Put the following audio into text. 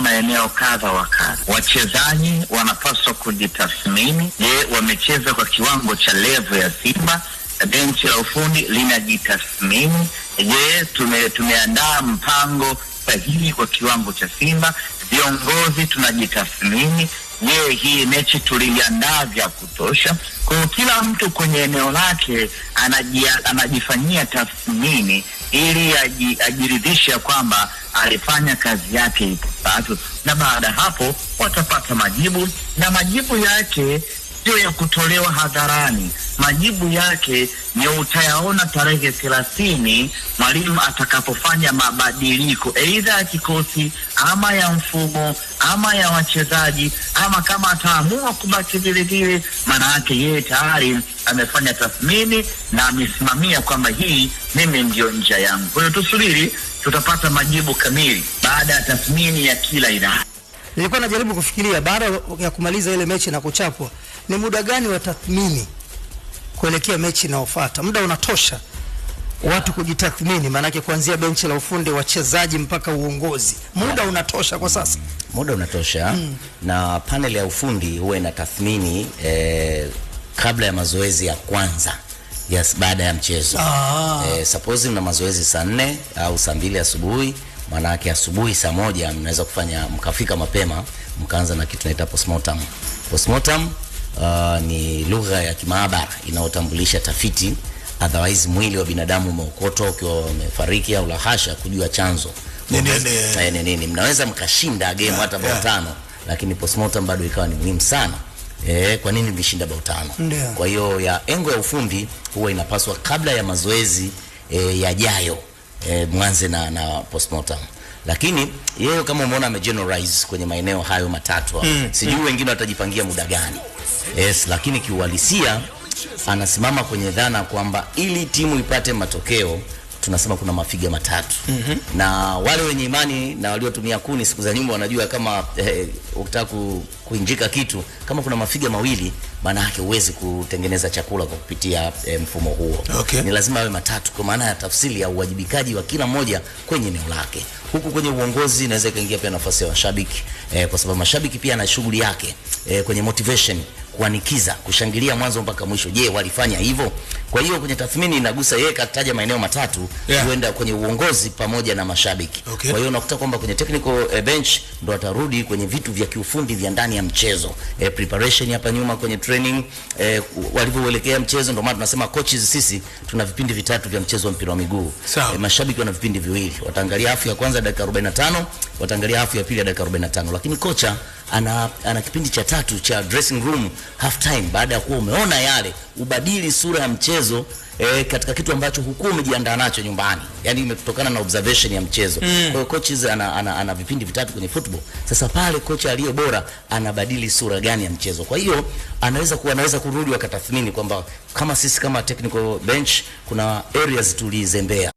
maeneo kadha wa kadha. Wachezaji wanapaswa kujitathmini. Je, wamecheza kwa kiwango cha levo ya Simba? Benchi la ufundi linajitathmini. Je, tume, tumeandaa mpango sahihi kwa kiwango cha Simba? Viongozi tunajitathmini. Je, hii mechi tuliandaa vya kutosha? Kwa kila mtu kwenye eneo lake anajia, anajifanyia tathmini ili ajiridhishe ya kwamba alifanya kazi yake ipasavyo, na baada ya hapo watapata majibu na majibu yake sio ya kutolewa hadharani. Majibu yake ni utayaona tarehe thelathini mwalimu atakapofanya mabadiliko aidha ya kikosi ama ya mfumo ama ya wachezaji, ama kama ataamua kubaki vile vile, maana yake yeye tayari amefanya tathmini na amesimamia kwamba hii mimi ndiyo njia yangu. Kwa hiyo tusubiri, tutapata majibu kamili baada ya tathmini ya kila idara. Nilikuwa najaribu kufikiria baada ya kumaliza ile mechi na kuchapwa ni muda gani wa tathmini kuelekea mechi inayofuata? Muda unatosha watu kujitathmini, maanake kuanzia benchi la ufundi, wachezaji mpaka uongozi, muda unatosha kwa sasa, muda unatosha mm. Na panel ya ufundi huwa inatathmini eh, kabla ya mazoezi ya kwanza yes, baada ya mchezo ah. Eh, suppose mna mazoezi saa nne au saa mbili asubuhi yake asubuhi saa moja mnaweza kufanya mkafika mapema mkaanza na kitu naita postmortem. Postmortem uh, ni lugha ya kimaabara inayotambulisha tafiti, otherwise mwili wa binadamu umeokotwa ukiwa umefariki au lahasha, kujua chanzo nini eh, nini. Mnaweza mkashinda game yeah, hata bao yeah, tano, lakini postmortem bado ikawa ni muhimu sana Eh, kwa nini mlishinda bao tano? Kwa hiyo ya engo ya ufundi huwa inapaswa kabla ya mazoezi eh, yajayo eh, mwanze na, na postmortem lakini yeye kama umeona amegeneralize kwenye maeneo hayo matatu mm. Sijui wengine watajipangia muda gani, yes, lakini kiuhalisia anasimama kwenye dhana kwamba ili timu ipate matokeo tunasema kuna mafiga matatu mm -hmm. na wale wenye imani na waliotumia kuni siku za nyuma wanajua kama eh, ukitaka kuinjika kitu kama kuna mafiga mawili, maana yake huwezi kutengeneza chakula kwa kupitia eh, mfumo huo okay. Ni lazima awe matatu, kwa maana ya tafsiri ya uwajibikaji wa kila mmoja kwenye eneo lake. Huku kwenye uongozi inaweza ikaingia pia nafasi ya washabiki eh, kwa sababu mashabiki pia ana shughuli yake eh, kwenye motivation kuanikiza, kushangilia mwanzo mpaka mwisho. Je, walifanya hivyo? Kwa hiyo kwenye tathmini inagusa yeye kataja maeneo matatu huenda yeah, kwenye uongozi pamoja na mashabiki okay. Kwa hiyo unakuta kwamba kwenye technical eh, bench ndo atarudi kwenye vitu vya kiufundi vya ndani ya mchezo eh, preparation hapa nyuma kwenye training eh, walivyoelekea mchezo. Ndio maana tunasema coaches sisi tuna vipindi vitatu vya mchezo wa mpira wa miguu eh, mashabiki wana vipindi viwili, wataangalia hafu ya kwanza dakika 45, wataangalia hafu ya pili ya dakika 45, lakini kocha ana, ana kipindi cha tatu cha dressing room half time. Baada ya kuwa umeona yale, ubadili sura ya mchezo e, katika kitu ambacho hukuwa umejiandaa nacho nyumbani, yani imetokana na observation ya mchezo mm. Kwa hiyo coaches ana, ana, ana vipindi vitatu kwenye football. Sasa pale kocha aliye bora anabadili sura gani ya mchezo? Kwa hiyo anaweza kuwa anaweza kurudi wakatathmini kwamba kama sisi kama technical bench kuna areas tulizembea.